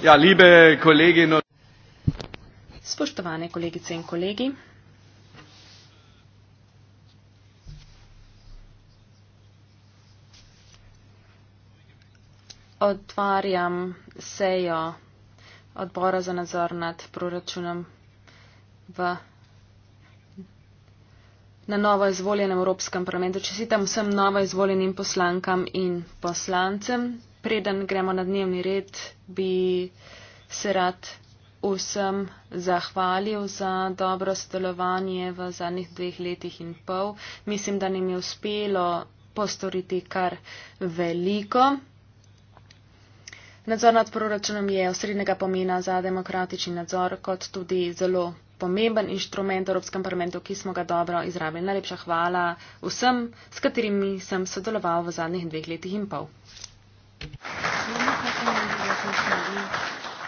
Ja, liebe Kolleginnen und Spoštovane kolegice in kolegi. Otvarjam sejo odbora za nadzor nad proračunom v, na novo izvoljenem Evropskem parlamentu. Čestitam vsem novo izvoljenim poslankam in poslancem preden gremo na dnevni red, bi se rad vsem zahvalil za dobro sodelovanje v zadnjih dveh letih in pol. Mislim, da nam je uspelo postoriti kar veliko. Nadzor nad proračunom je osrednjega pomena za demokratični nadzor, kot tudi zelo pomemben inštrument v Evropskem parlamentu, ki smo ga dobro izrabili. Najlepša hvala vsem, s katerimi sem sodeloval v zadnjih dveh letih in pol.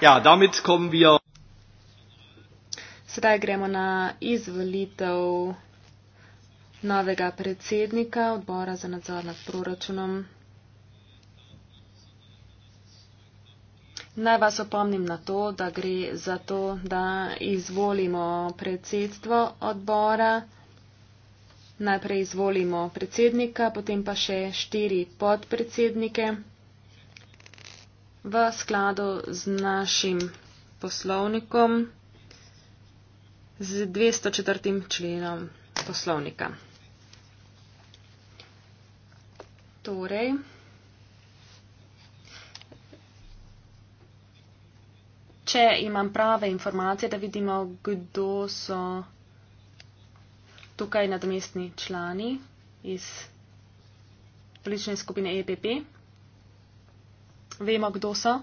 Ja, damit kommen wir. Sedaj gremo na izvolitev novega predsednika odbora za nadzor nad proračunom. Naj vas opomnim na to, da gre za to, da izvolimo predsedstvo odbora. Najprej izvolimo predsednika, potem pa še štiri podpredsednike v skladu z našim poslovnikom, z 204. členom poslovnika. Torej, če imam prave informacije, da vidimo, kdo so tukaj nadomestni člani iz politične skupine EPP vemo, kdo so.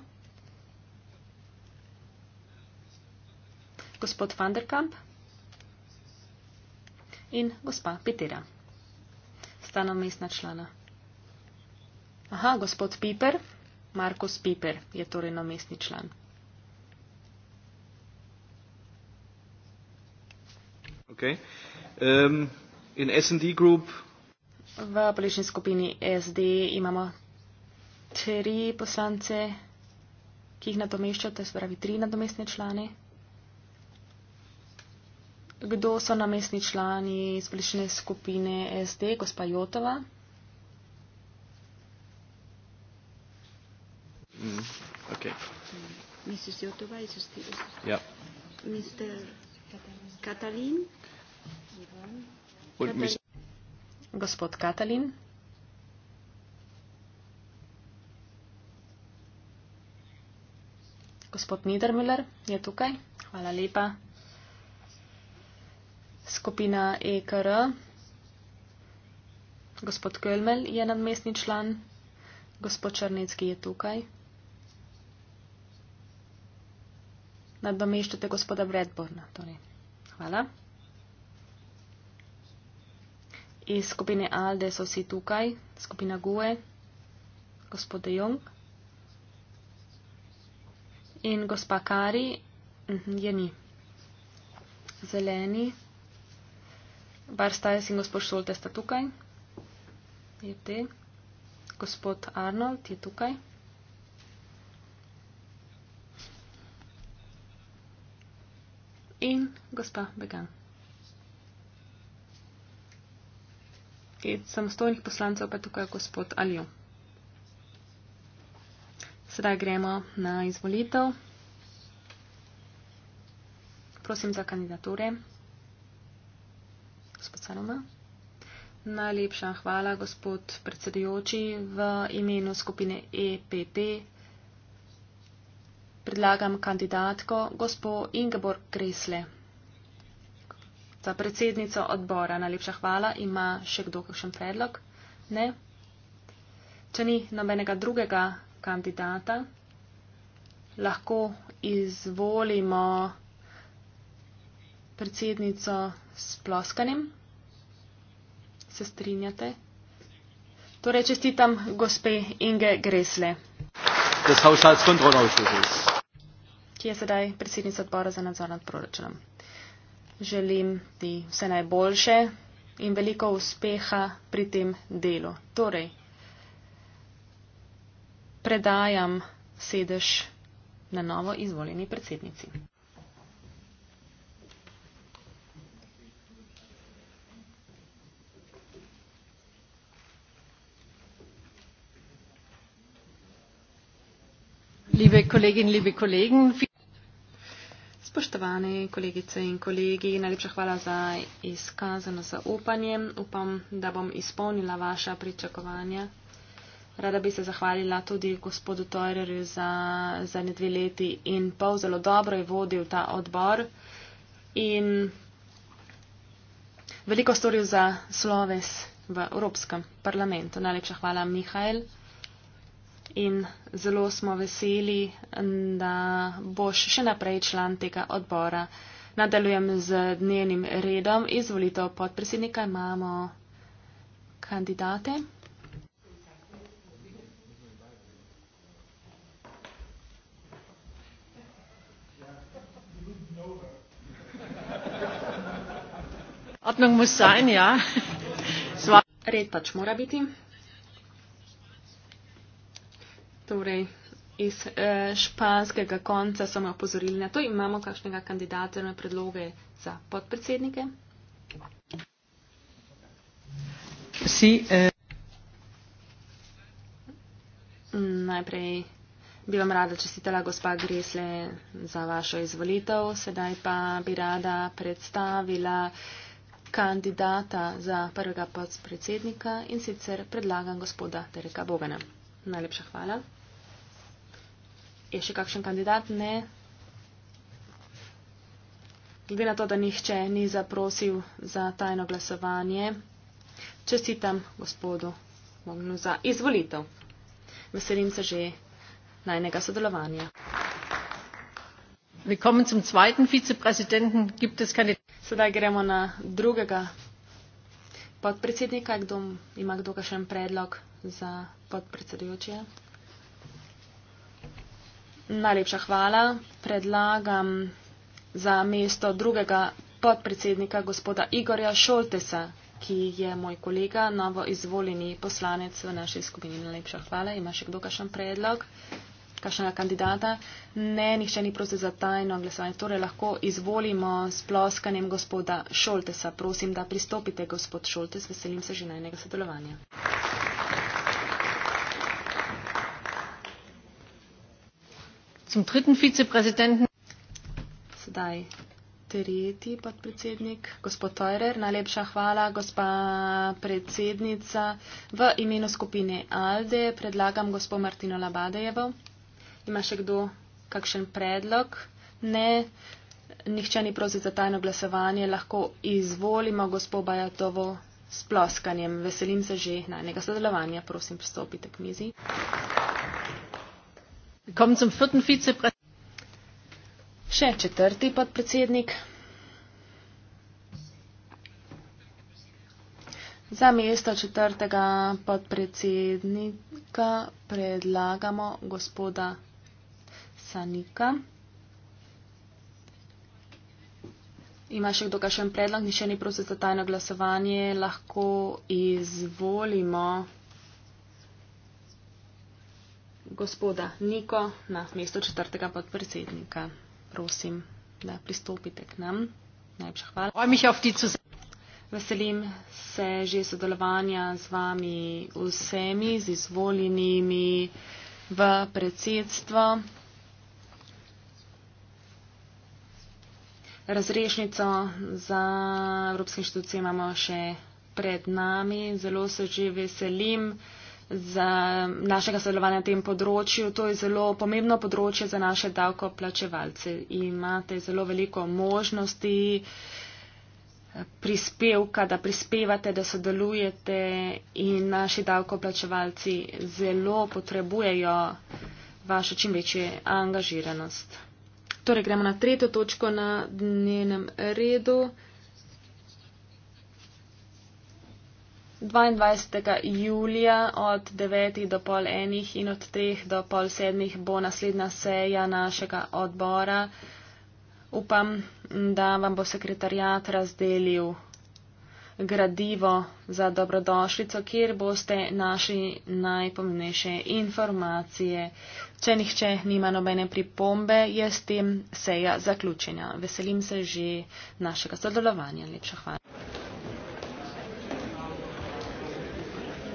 Gospod Vanderkamp in gospa Petera, stana mestna člana. Aha, gospod Piper, Markus Piper je torej namestni član. Okay. Um, v bližnji skupini SD imamo tri poslance, ki jih nadomeščate, se pravi tri nadomestne člane. Kdo so namestni člani splične skupine SD, gospa Jotova? Mm, okay. Mrs. Jotova, iz ustila. Ja. Mr. Katalin. Katalin. Gospod Katalin. Gospod Niedermüller je tukaj. Hvala lepa. Skupina EKR. Gospod Kölmel je nadmestni član. Gospod Črnecki je tukaj. Nadomeščate gospoda Bredborna. Torej. Hvala. Iz skupine ALDE so vsi tukaj. Skupina GUE. Gospod De Jong in gospa Kari mhm, je ni. Zeleni, bar Stajas in gospod Šolte sta tukaj, je te, gospod Arnold je tukaj. In gospa Began. In samostojnih poslancev pa je tukaj gospod Aljo. Sedaj gremo na izvolitev. Prosim za kandidature. Gospod Saloma. Najlepša hvala, gospod predsedujoči, v imenu skupine EPP. Predlagam kandidatko gospod Ingeborg Kresle. Za predsednico odbora najlepša hvala. Ima še kdo kakšen predlog? Ne. Če ni nobenega drugega kandidata. Lahko izvolimo predsednico s ploskanjem. Se strinjate? Torej, čestitam gospe Inge Gresle. Kje je sedaj predsednica odbora za nadzor nad proračunom? Želim ti vse najboljše in veliko uspeha pri tem delu. Torej, predajam sedež na novo izvoljeni predsednici. Liebe Kolleginnen, liebe Kollegen, Spoštovani kolegice in kolegi, najlepša hvala za izkazano zaupanje. Upam, da bom izpolnila vaša pričakovanja. Rada bi se zahvalila tudi gospodu Teurerju za zadnje dve leti in pol. Zelo dobro je vodil ta odbor in veliko storil za sloves v Evropskem parlamentu. Najlepša hvala, Mihajl. In zelo smo veseli, da boš še naprej član tega odbora. Nadaljujem z dnevnim redom. Izvolitev podpredsednika imamo kandidate. Ordnung muss sein, ja. Es war Red pač mora biti. Torej, iz eh, španskega konca so me opozorili na to, imamo kakšnega kandidata na predloge za podpredsednike. Si, eh. Najprej bi vam rada čestitela gospa Gresle za vašo izvolitev, sedaj pa bi rada predstavila eh, kandidata za prvega podpredsednika in sicer predlagam gospoda Tereka Bogana. Najlepša hvala. Je še kakšen kandidat? Ne. Glede na to, da nihče ni zaprosil za tajno glasovanje, čestitam gospodu Bognu za izvolitev. Veselim se že najnega sodelovanja. Willkommen zum zweiten Vizepräsidenten. Gibt es Kandidaten? Sedaj gremo na drugega podpredsednika. Kdo ima kdo kakšen predlog za podpredsedujoče? Najlepša hvala. Predlagam za mesto drugega podpredsednika gospoda Igorja Šoltesa, ki je moj kolega, novo izvoljeni poslanec v naši skupini. Najlepša hvala. Ima še kdo kakšen predlog? kakšnega kandidata. Ne, nihče ni prosil za tajno glasovanje. Torej lahko izvolimo s ploskanjem gospoda Šoltesa. Prosim, da pristopite, gospod Šoltes. Veselim se že najnega sodelovanja. Sedaj tretji podpredsednik, gospod Teurer, najlepša hvala, gospa predsednica. V imenu skupine ALDE predlagam gospod Martino Labadejevo ima še kdo kakšen predlog? Ne, nihče ni prosil za tajno glasovanje, lahko izvolimo gospod Bajatovo s ploskanjem. Veselim se že najnega sodelovanja, prosim, pristopite k mizi. Še četrti podpredsednik. Za mesto četrtega podpredsednika predlagamo gospoda Sanika. Ima še kdo kakšen predlog, ni še ni prosil za tajno glasovanje, lahko izvolimo gospoda Niko na mesto četrtega podpredsednika. Prosim, da pristopite k nam. Najlepša hvala. Veselim se že sodelovanja z vami vsemi, z izvoljenimi v predsedstvo. razrešnico za Evropske inštitucije imamo še pred nami. Zelo se že veselim za našega sodelovanja na tem področju. To je zelo pomembno področje za naše davkoplačevalce. Imate zelo veliko možnosti eh, prispevka, da prispevate, da sodelujete in naši davkoplačevalci zelo potrebujejo vašo čim večjo angažiranost. Torej, gremo na tretjo točko na dnevnem redu. 22. julija od 9. do pol enih in od 3. do pol sedmih bo naslednja seja našega odbora. Upam, da vam bo sekretarjat razdelil gradivo za dobrodošlico, kjer boste našli najpomembnejše informacije. Če nihče nima nobene pripombe, je s tem seja zaključena. Veselim se že našega sodelovanja. Lepša hvala.